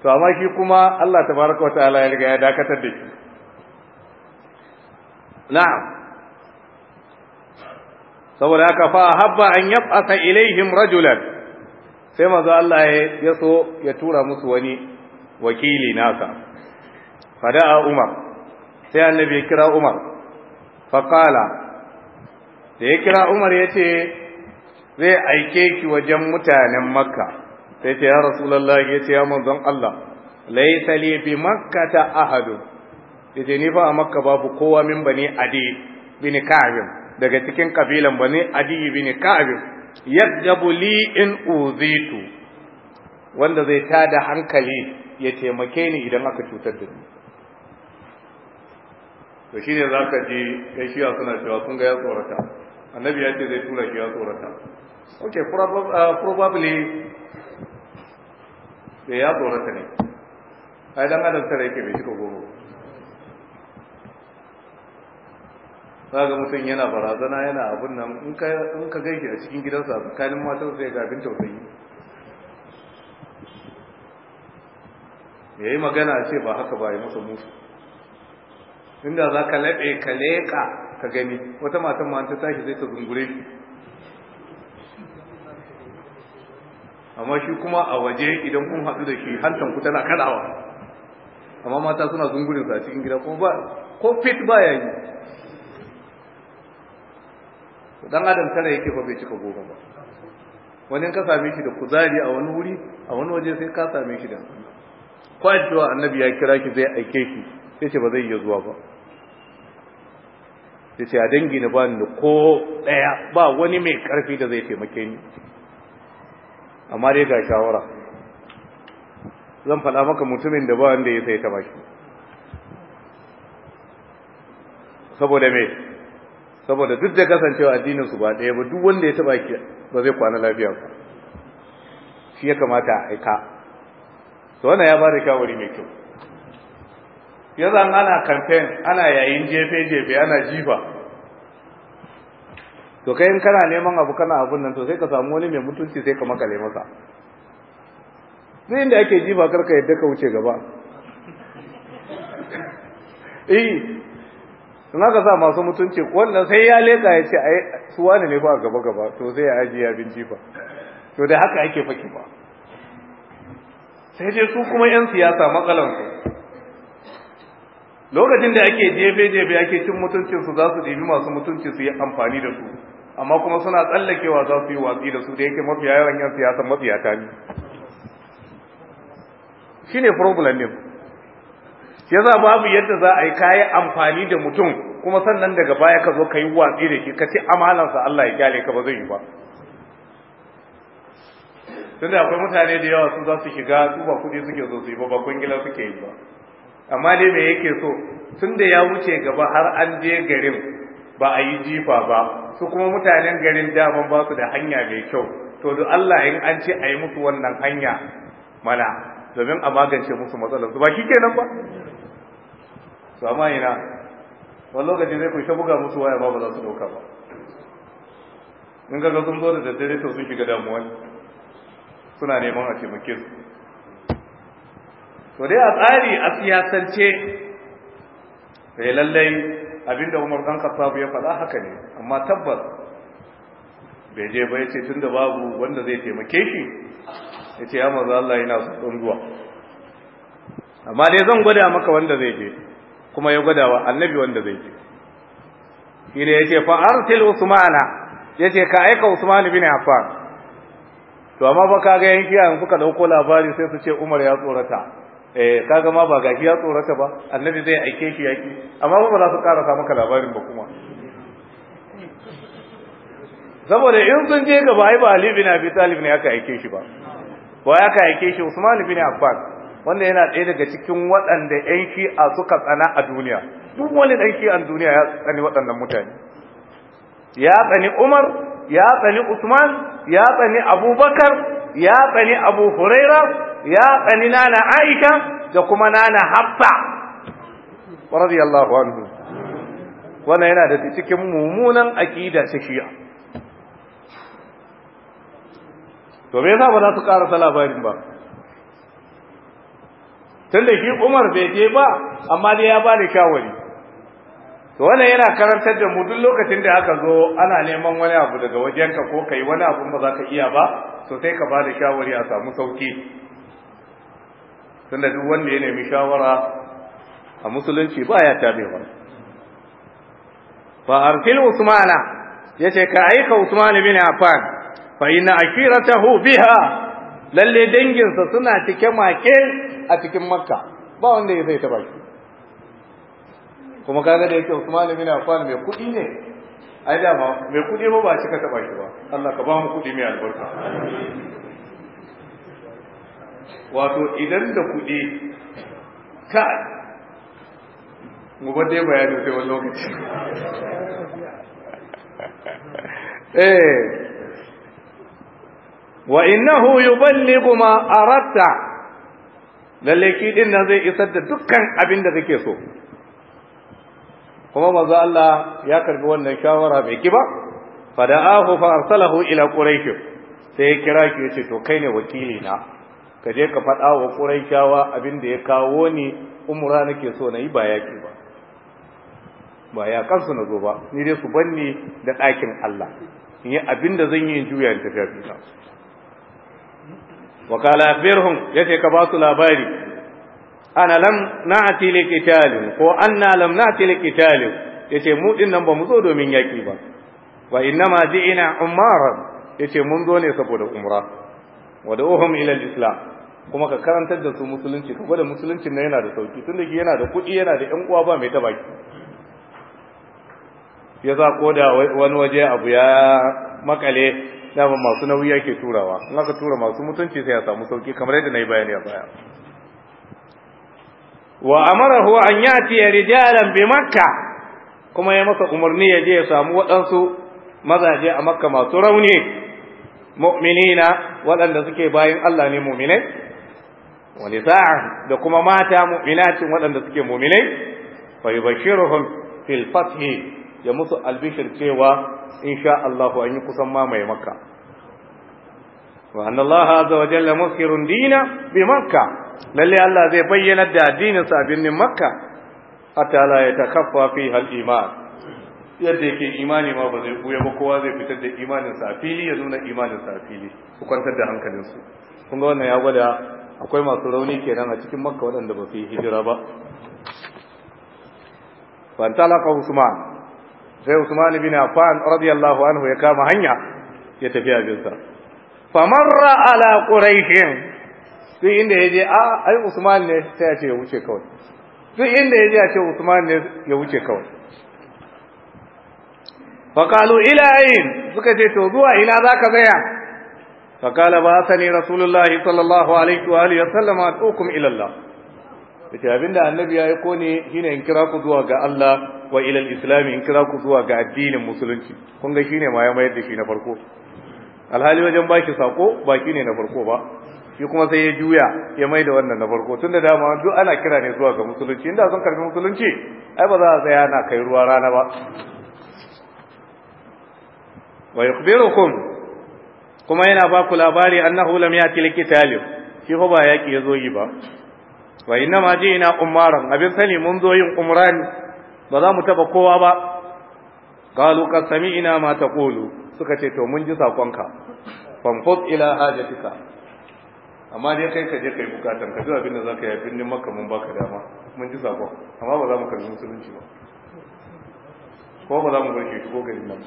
to amma shi kuma Allah tabaraka wa ta'ala ya riga ya dakatar da shi na'am saboda haka fa habba an yab'atha ilaihim rajulan sai manzo Allah ya so ya tura musu wani wakili nasa fada'a umar sai annabi ya kira umar fa qala da ya kira umar yace zai aike ki wajen mutanen makka sai ce ya rasulullahi yace ya manzon Allah laysa li bi makkata ahadu yace ni fa a makka babu kowa min bani adi bin ka'ab daga cikin kabilan bani adiyi bin ka'ab Yadda li in uzitu wanda zai tada hankali ya taimake ni idan aka cutar da ni to shine zaka ji kai shiya suna cewa kun ga ya tsorata annabi ya ce zai tura shi ya tsorata okay ah, probably da ya tsorata ne ai dan adam tare yake bai shiga goro za ga mutum yana barazana yana abin nan in ka gaiki a cikin gidansa a tsakanin matan sai ga abin tausayi ya yi magana ce ba haka ba yi masa musu inda za ka laɓe ka leƙa ka gani wata matan ma ta tashi zai ta zungure shi amma shi kuma a waje idan kun haɗu da shi hantan ku tana kaɗawa amma mata suna zungurinsa a cikin gida ko fit ba ya yi dan adam tara yake fa bai cika goma ba wani ka same shi da kuzari a wani wuri a wani waje sai ka same shi da ko addu'a annabi ya kira ki zai aike ki. sai ce ba zai iya zuwa ba sai ce a dangi na ba ni ko daya ba wani mai karfi da zai taimake ni amma dai ga shawara zan faɗa maka mutumin da ba wanda ya sai ta baki saboda me saboda duk da kasancewa addinin su ba ɗaya ba duk wanda ya taba ki ba zai kwana lafiya ba shi ya kamata a aika to wannan ya bada shawari mai kyau yanzu ana campaign ana yayin jefe jefe ana jifa to kai in kana neman abu kana abun nan to sai ka samu wani mai mutunci sai ka makale masa duk inda ake jifa karka yadda ka wuce gaba eh sun aka sa masu mutunci wannan sai ya leka ya ce su wani ne ba gaba gaba to sai ya ajiye abinci jifa to da haka ake faki ba sai dai su kuma yan siyasa matsalan lokacin da ake jefe jefe ake cin mutuncinsu su za su ɗibi masu mutunci su yi amfani da su amma kuma suna tsallakewa za su yi watsi da su da yake mafiya yawan yan siyasa mafiyata ne shine problem ne yasa babu yadda za a yi kayi amfani da mutum kuma sannan daga baya ka zo ka yi watsi da shi ka ci amalansa Allah ya kyale ka ba zai yi ba tun da akwai mutane da yawa su za su shiga su ba kuɗi suke zo su yi ba ba kungila suke yi ba amma dai me yake so tun da ya wuce gaba har an je garin ba a yi jifa ba su kuma mutanen garin daman ba su da hanya mai kyau to du Allah in an ce a yi musu wannan hanya mana domin a magance musu matsalar su ba shi kenan ba su amma ina wani lokaci zai ku buga musu waya ba ba za su dauka ba in ga sun zo da daddare to sun shiga damuwan suna neman a taimake su to dai a tsari a siyasance sai eh lallai abinda Umar dan Khattab ya faɗa haka ne amma tabbas bai je ba tun da babu wanda zai taimake shi yace ya manzo Allah yana son zuwa amma dai zan gwada maka wanda zai je kuma ya gwada wa annabi wanda zai ci shi ne ce fa arsil usmana ce ka aika usman bin affan to amma fa kaga yanki an suka dauko labari sai su ce umar ya tsorata eh kaga ma ba gashi ya tsorata ba annabi zai aike shi yaki amma ba za su karasa maka labarin ba kuma saboda in sun je gaba ai ba Ali bin Abi Talib ne aka aike shi ba ko aka aike shi Usman bin Affan wanda yana ɗaya daga cikin waɗanda yan shi'a suka tsana a duniya duk wani ɗan a duniya ya tsani waɗannan mutane ya tsani Umar ya tsani Usman ya tsani Abubakar ya tsani Abu Huraira ya tsani nana Aisha da kuma nana Hafsa radiyallahu anhu wannan yana da cikin mummunan aƙida ta shi'a to me yasa ba za su karasa labarin ba tunda shi Umar bai je ba amma dai ya ba da shawari to wannan yana karantar da mu duk lokacin da aka zo ana neman wani abu daga wajenka ko kai wani abu ba za ka iya ba to sai ka ba da shawari a samu sauki tunda duk wanda ya nemi shawara a musulunci ba ya ba fa arsil usmana yace ka aika usman bin affan fa inna akiratahu biha lalle danginsa suna cike make a cikin makka ba wanda ya zai taba shi kuma kaga da yake Usman bin Affan mai kudi ne ai da mai kudi ba ba shi ka taba shi ba Allah ka ba mu kudi mai albarka wato idan da kudi ka mu ba dai bayani sai wannan lokaci eh wa innahu yuballighu ma aratta lalle din nan zai isar da dukkan abin da kake so kuma manzo Allah ya karbi wannan shawara bai ki ba da'ahu fa arsalahu ila quraish sai ya kira ki yace to kai ne wakili na ka je ka faɗa wa quraishawa abin da ya kawo ni umra nake so na yi ba yaki ba ba ya kansu na zo ba ni dai su banni da ɗakin Allah in yi abin da zan yi in juya in tafiya wa qala birhum yace ka ba su labari ana lam na'ti liqitalin ko anna lam na'ti liqitalin yace mu din nan ba mu zo domin yaki ba wa innama ji'ina umaran yace mun zo ne saboda umra wa da'uhum ila al-islam kuma ka karantar da su musulunci ka gwada musuluncin nan yana da sauki tunda yana da kuɗi yana da ƴan uwa ba mai ta baki ya za da wani waje abu ya makale dama masu nauyi yake turawa in aka tura masu mutunci sai ya samu sauki kamar yadda na yi bayani a baya wa amarahu an yati rijalan bi makka kuma ya masa umarni ya je ya samu waɗansu mazaje a makka masu rauni mu'minina waɗanda suke bayin Allah ne mu'minai wa sa'a da kuma mata mu'minatin waɗanda suke mu'minai fa yubashiruhum fil fathi ya musu albishir cewa sha Allah an yi kusan mamaye makka wa anna Allah azza wa jalla dina bi makka lalle Allah zai bayyana da addinin sa binnin makka hatta la yatakaffa fi hal iman yadda yake imani ma ba zai buya ba kowa zai fitar da imanin sa fili ya nuna imanin sa fili ku kwantar da hankalin su kun ga wannan ya gwada akwai masu rauni kenan a cikin makka waɗanda ba su yi hijira ba fantala ka usman sai Usman bin Affan radiyallahu anhu ya kama hanya ya tafi abinsa famarra ala quraishin duk inda yaje a ah, ai Usman ne sai ya ce ya wuce kawai duk inda yaje ya ce Usman ne ya wuce kawai faqalu ila ayn suka ce to zuwa ina zaka tsaya faqala ba sani rasulullahi sallallahu alaihi wa alihi wa sallama tukum ila Allah abin abinda annabi ya aiko ne shine in kira ku zuwa ga Allah wa ilal islam in kira ku zuwa ga addinin musulunci kun ga shine ma ya mayar da shi na farko alhali wajen baki sako ba ne na farko ba shi kuma sai ya juya ya mai da wannan na farko tun da dama duk ana kira ne zuwa ga musulunci inda sun karbi musulunci ai ba za a tsaya ana kai ruwa rana ba wa yukhbirukum kuma yana ba ku labari annahu lam yati likitalib shi ko ba yaki yazo yi ba wa inna ma ji'ina umaran abin sani mun zo yin umrani ba za mu taba kowa ba qalu ka sami'na ma taqulu suka ce to mun ji sakonka famfut ila hajatika amma dai kai ka je kai bukatan ka duk abin zaka yi binnin makka mun baka dama mun ji sakon amma ba za mu karbi musulunci ba ko ba za mu barke shi ko garin nan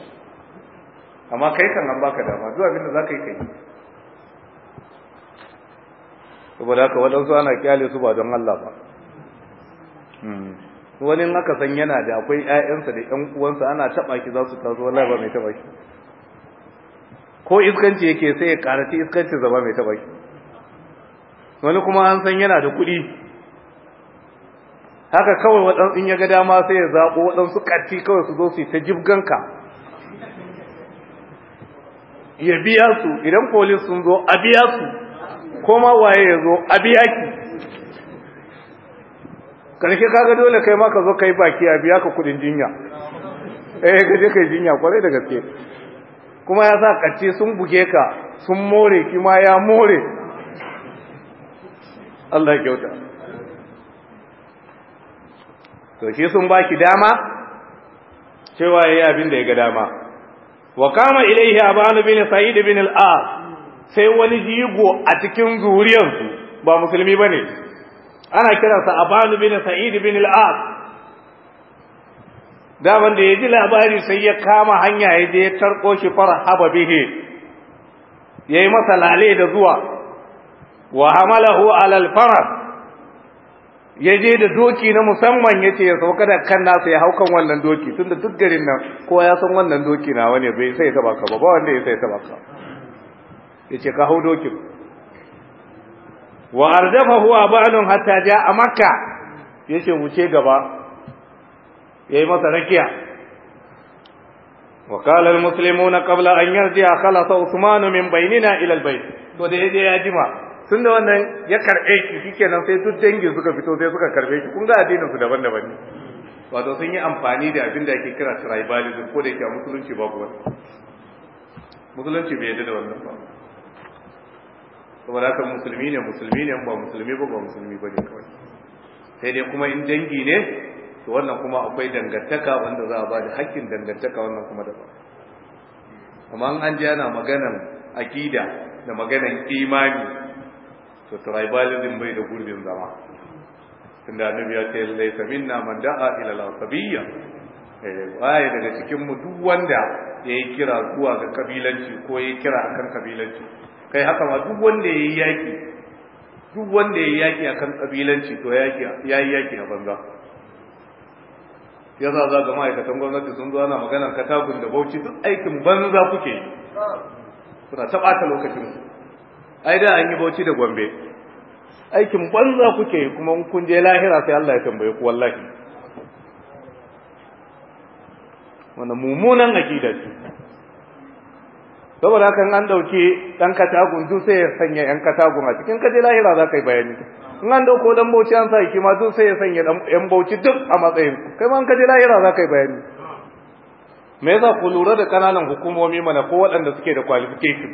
amma kai kan an baka dama duk abinda zaka yi kai saboda haka waɗansu ana kyale su ba don Allah ba hmm. wani aka san yana da akwai ƴaƴansa da ƴan uwansa ana taɓa ki za su taso wallahi ba mai taɓa ki ko iskanci yake sai ya karanta iskanci zama mai taɓa ki wani kuma an san yana da kuɗi haka kawai waɗansu in ya ga dama sai ya zaɓo waɗansu ƙarfi kawai su zo su yi ta jibganka ya biya su idan polis sun zo a biya su Koma waye ya zo a biya ki karshe kaga dole kai ma ka zo kai baki a biya ka kudin jinya eh ka je kai jinya kwarai da gaske kuma ya sa kacce sun buge ka sun more ki ma ya more Allah ya kyauta to shi sun baki dama cewa yayi abin da ya ga dama wa kama ilaihi abanu bin sa'id bin al-as sai wani jigo a cikin zuriyarsu ba musulmi bane ne ana kiransa abanu bin sa'id bin al aq da ya ji labari sai ya kama hanya ya je ya tarko shi farhaba bihi ya masa lale da zuwa wa hamalahu alal faras ya je da doki na musamman ya ce ya sauka da kan nasa ya haukan wannan doki tunda duk garin nan kowa ya san wannan doki na wani bai sai ta baka ba ba wanda ya sai ta baka yace ka hau dokin wa huwa abalun hatta jaa makka yace wuce gaba yayi masa rakiya wa qala al muslimuna qabla an yarji'a khalasa usman min bainina ila al bayt to da yaje ya jima tunda wannan ya karbe shi shikenan sai duk dangi suka fito sai suka karbe shi kun ga addinin su daban-daban ne wato sun yi amfani da abin da ake kira tribalism ko da yake a musulunci babu wani musulunci bai yadda da wannan ba saboda haka musulmi ne musulmi ne ba musulmi ba ba musulmi ba ne kawai sai dai kuma in dangi ne to wannan kuma akwai dangantaka wanda za a ba da haƙƙin dangantaka wannan kuma da amma an ji ana maganan aƙida da maganan imani to tribalism bai da gurbin zama tunda annabi ya ce laisa minna man da'a ila al-asabiyya eh, waye daga cikin mu duk wanda yayi kira zuwa ga kabilanci ko yayi kira akan kabilanci kai haka ma duk wanda yayi yaki duk wanda yayi yaki akan kabilanci to yaki yayi yaki a banza yasa za ga ma'aikatan gwamnati sun zo ana magana katagun da bauchi duk aikin banza kuke kuna ta lokacin su. ai da an yi bauchi da gombe aikin banza kuke kuma kun je lahira sai Allah ya tambaye ku wallahi wannan mummunan akida ce saboda kan an dauke dan katagun duk sai ya sanya yan katagun a cikin kaje lahira za kai bayani in an dauko dan bauchi an sai kima duk sai ya sanya yan bauchi duk a matsayin kai ma an kaje lahira za kai bayani me yasa ku lura da kananan hukumomi mana ko waɗanda suke da qualification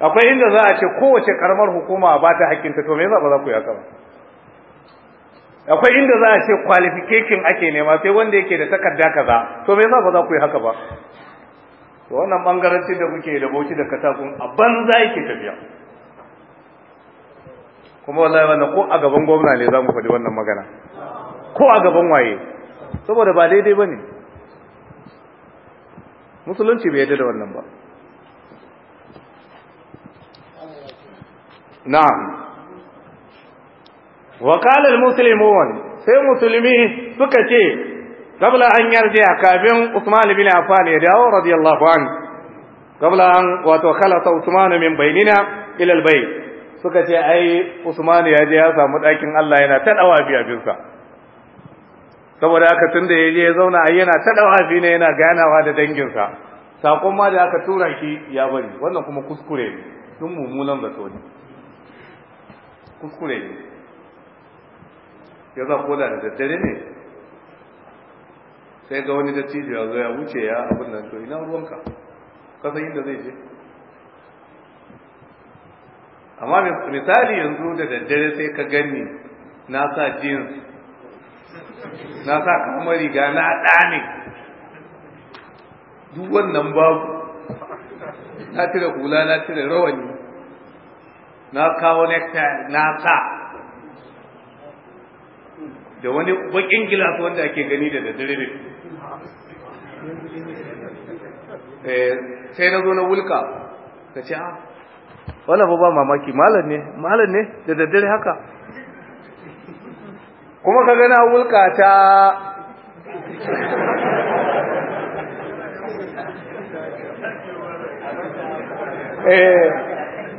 akwai inda za a ce kowace karamar hukuma ba ta hakkin ta, to me yasa ba za ku yi haka ba akwai inda za a ce qualification ake nema sai wanda yake da takarda kaza to me yasa ba za ku yi haka ba to wannan bangaranci da kuke da bauchi da katakun a banza yake tafiya kuma wallahi wanda ko a gaban gwamna ne za mu faɗi wannan magana ko a gaban waye saboda ba daidai ba ne musulunci bai yadda da wannan ba na'am وقال المسلمون sai musulmi suka ce قبل أن يرجع كابن عثمان بن عفان يدعو رضي الله عنه قبل أن وتخلط عثمان من بيننا إلى البيت suka ce ai Usman ya je ya samu ɗakin Allah yana ta abinsa saboda haka tunda ya je ya zauna a yana ta dawa ne yana ganawa da danginsa sakon ma da aka tura shi ya bari wannan kuma kuskure ne tun mummunan zato ne kuskure ne ya za ko da daddare ne sai ga wani dattijo ya zo ya wuce ya abin nan to ina ruwanka ka san inda zai je amma misali yanzu da daddare sai ka gani na sa jeans na sa kamar riga na ɗane duk wannan babu na cire hula na cire rawani na kawo necktie na sa da wani bakin gilas wanda ake gani da daddare ne Eh, sai na zo na wulka ka ce a ah, wannan ba mamaki malam ne malam ne da daddare haka kuma ka gana wulka ta eh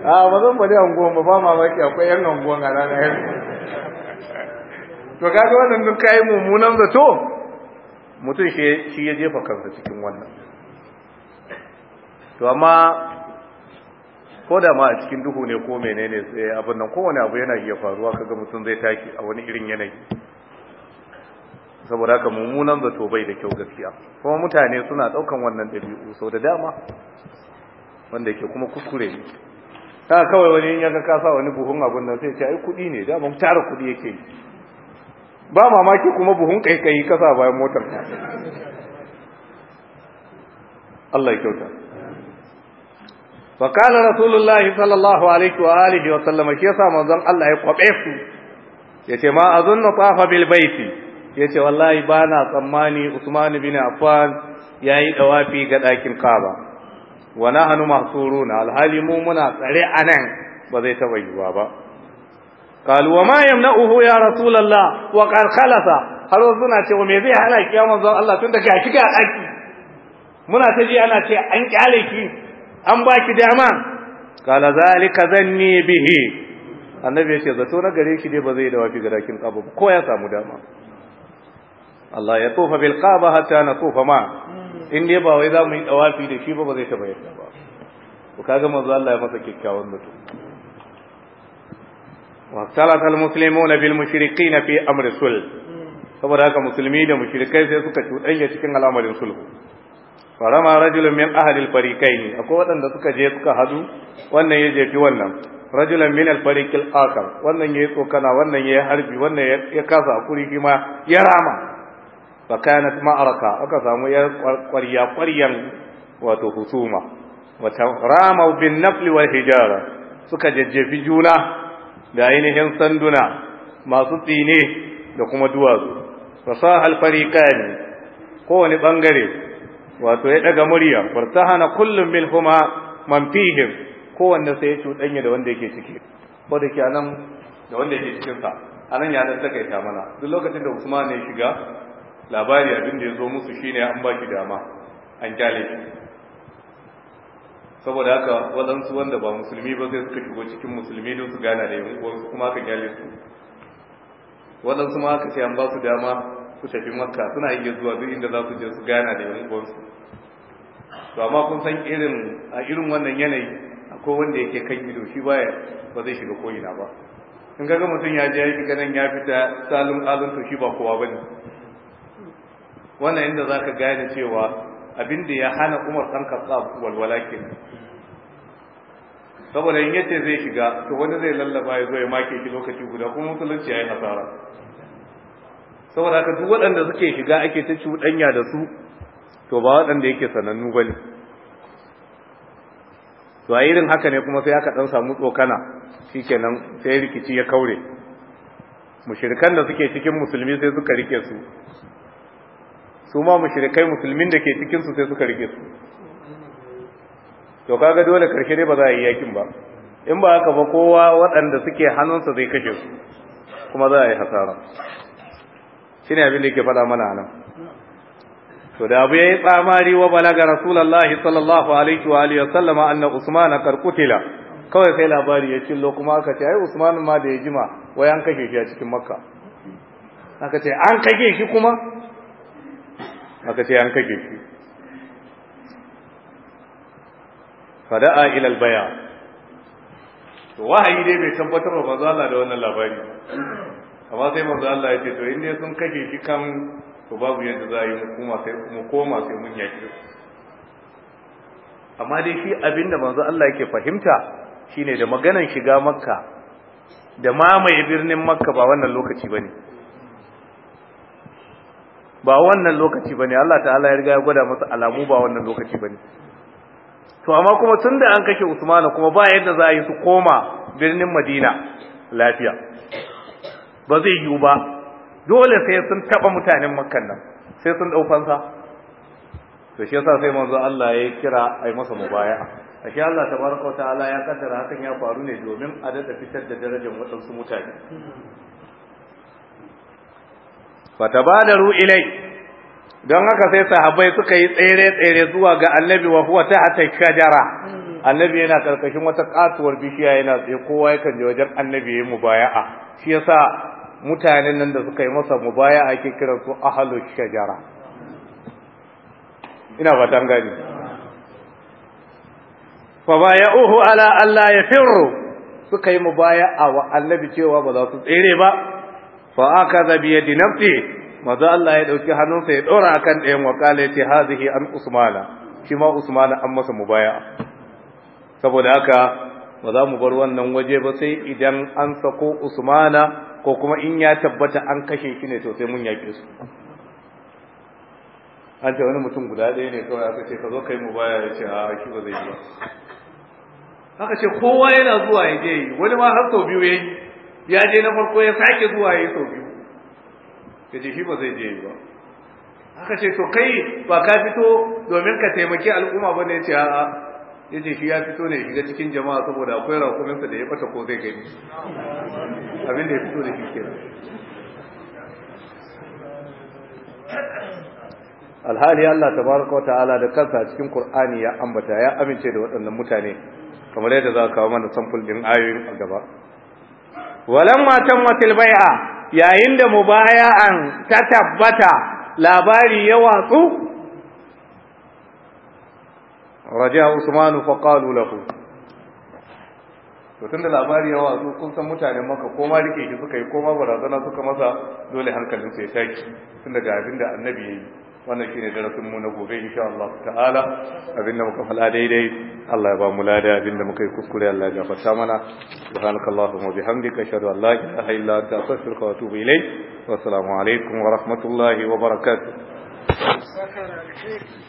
a ba bane bari anguwan ba ba mamaki akwai yan anguwan a ranar to kaga wannan duk kai mummunan zato mutum shi ya jefa kansa cikin wannan to amma ko da ma a cikin duhu ne ko menene sai eh, abin nan kowane abu yana iya faruwa kaga mutum zai taki a wani irin yanayi saboda haka mummunan zato bai da kyau gaskiya kuma mutane suna daukan wannan dabi'u sau da dama wanda yake kuma kuskure ne ta kawai wani in yaga kasa wani buhun abun nan sai ce ai kudi ne da mun tara kudi yake ba mamaki kuma buhun kaikayi kasa bayan motar ta. Allah ya kyauta wa kana rasulullahi sallallahu alaihi wa alihi wa sallam ke yasa manzon Allah ya kwabe su yace ma azunnu tafa bil baiti yace wallahi bana tsammani Usman bin Affan yayi dawafi ga dakin Kaaba wa nahnu mahsuruna alhali mu muna tsare anan ba zai taba yiwa ba Kaluwa wa na yamna'uhu ya rasulullah wa qad khalasa har wasu suna cewa me zai hana ki ya Allah tun da gashi ga muna ta ji ana ce an kyale ki an baki dama qala zalika zanni bihi annabi yace zato na gare ki ba zai dawo ki ga dakin kaba ko ya samu dama Allah ya tofa bil hatta na tofa in dai ba wai za mu yi da ba ba zai taba ba ya masa kikkiawan mutum واختلط المسلمون بالمشركين في امر الصلح saboda haka musulmi da mushrikai sai suka cuɗanya cikin al'amarin sulhu farama rajulun min ahli al-fariqayn akwai waɗanda suka je suka hadu wannan ya jefi wannan rajulun min al-fariq al wannan ya yi tsokana wannan ya yi harbi wannan ya kasa hakuri shi ma ya rama fa kanat ma'araka aka samu ya ƙwarya ƙwaryan wato husuma wa rama bin nafli wal hijara suka jajjefi juna da ainihin sanduna masu tsine da kuma duwatsu fasaha alfariqani kowane bangare wato ya ɗaga murya fartahana kullum huma man fihim kowanne sai ya cuɗanya da wanda yake ciki ko da ke anan da wanda yake cikin sa anan ya nan take ta mana duk lokacin da Usman ya shiga labari abin da ya zo musu shine an baki dama an kyale saboda haka waɗansu wanda ba musulmi ba sai suka shigo cikin musulmi don su gana da yi wasu kuma aka gyale su waɗansu ma aka ce an ba su dama su shafi makka suna iya zuwa duk inda za su je su gana da yi wasu to amma kun san irin a irin wannan yanayi akwai wanda yake kan ido shi baya ba zai shiga ko'ina ba in ga mutum ya je ya ganin ya fita salun alun to shi ba kowa bane wannan inda zaka gane cewa abin da ya hana umar ɗan katsa walwala saboda in yace zai shiga to wani zai lallaba ya zo ya make shi lokaci guda kuma musulunci yayi hasara saboda haka duk waɗanda suke shiga ake ta cuɗanya da su to ba waɗanda yake sanannu bane to a irin haka ne kuma sai aka dan samu tsokana shikenan sai rikici ya kaure mushirikan da suke cikin musulmi sai suka rike su su ma mushrikai musulmin da ke cikin su sai suka rike su to kaga dole karshe dai ba za a yi yakin ba in ba haka ba kowa waɗanda suke hannunsa zai kashe su kuma za a yi hasara shine abin da yake faɗa mana nan to da abu yayi tsamari wa balaga rasulullahi sallallahu alaihi wa alihi wasallama anna usmana karkutila kawai sai labari ya lo kuma aka ce ai usman ma da ya jima wai an kashe shi a cikin makka aka ce an kashe shi kuma aka ce an kage shi fada'a ilal baya to wahayi dai bai tabbatar wa manzo Allah da wannan labari amma sai manzo Allah ya ce to in ne sun kage shi kan to babu yadda za a yi mu sai mu koma sai mun yaki amma dai shi abinda manzo Allah yake fahimta shine da maganan shiga makka da mamaye birnin makka ba wannan lokaci bane ba wannan lokaci bane Allah ta'ala ya riga ya gwada masa alamu ba wannan lokaci bane to amma kuma tun da an kashe Usman kuma ba yadda za a yi su koma birnin Madina lafiya ba zai yiwu ba dole sai sun taba mutanen Makka nan sai sun dau fansa to shi yasa sai manzo Allah ya kira ai masa mubaya'a Ashe Allah tabaraka wa ta'ala ya kaddara hakan ya faru ne domin a daɗa fitar da darajar waɗansu mutane fatabadaru ilai don haka sai sahabbai suka yi tsere tsere zuwa ga annabi wa huwa hata kajara annabi yana karkashin wata katuwar bishiya yana tsaye kowa yakan je wajen annabi yayin mubaya'a shi yasa mutanen nan da suka yi masa mubaya'a ke kira su ahlu shajara ina fatan gani fa baya'uhu ala alla yafirru suka yi mubaya'a wa annabi cewa ba za su tsere ba fa akaza bi yadi nafsi maza Allah ya dauki hannunsa ya dora akan ɗayan wa kala yace hazihi an usmana shi ma usmana an masa mubaya saboda haka ba za mu bar wannan waje ba sai idan an sako usmana ko kuma in ya tabbata an kashe shi ne to sai mun yaƙe su an ce wani mutum guda ɗaya ne kawai aka ce ka zo ka yi mubaya ya ce a shi ba zai yi ba aka ce kowa yana zuwa ya je yi wani ma har sau biyu ya ya je na farko ya sake zuwa ya sau biyu ya ce shi ba zai je ba aka ce to kai ba ka fito domin ka taimaki al'umma ba ne ya ce a ya ce shi ya fito ne shiga cikin jama'a saboda akwai rakuminsa da ya bata ko zai gani abin da ya fito da shi kenan alhali Allah baraka wa ta'ala da kansa cikin Qur'ani ya ambata ya amince da waɗannan mutane kamar yadda za ka kawo mana sample din ayoyin gaba walamma tammatil bai'a yayin da mubaya'an ta tabbata labari ya watsu raja usman fa qalu lahu to tunda labari ya watsu kun san mutanen maka ko ma rike shi suka yi ko ma barazana suka masa dole hankalin su ya taki tunda ga abin da annabi yayi wannan shine darasin mu na gobe insha Allah ta'ala abinda muka fada daidai Allah ya ba mu lada abinda muka yi kuskure Allah ya gafarta mana subhanakallahumma wa bihamdika ashhadu an la ilaha illa anta astaghfiruka wa atubu ilayk wa assalamu alaikum wa rahmatullahi wa barakatuh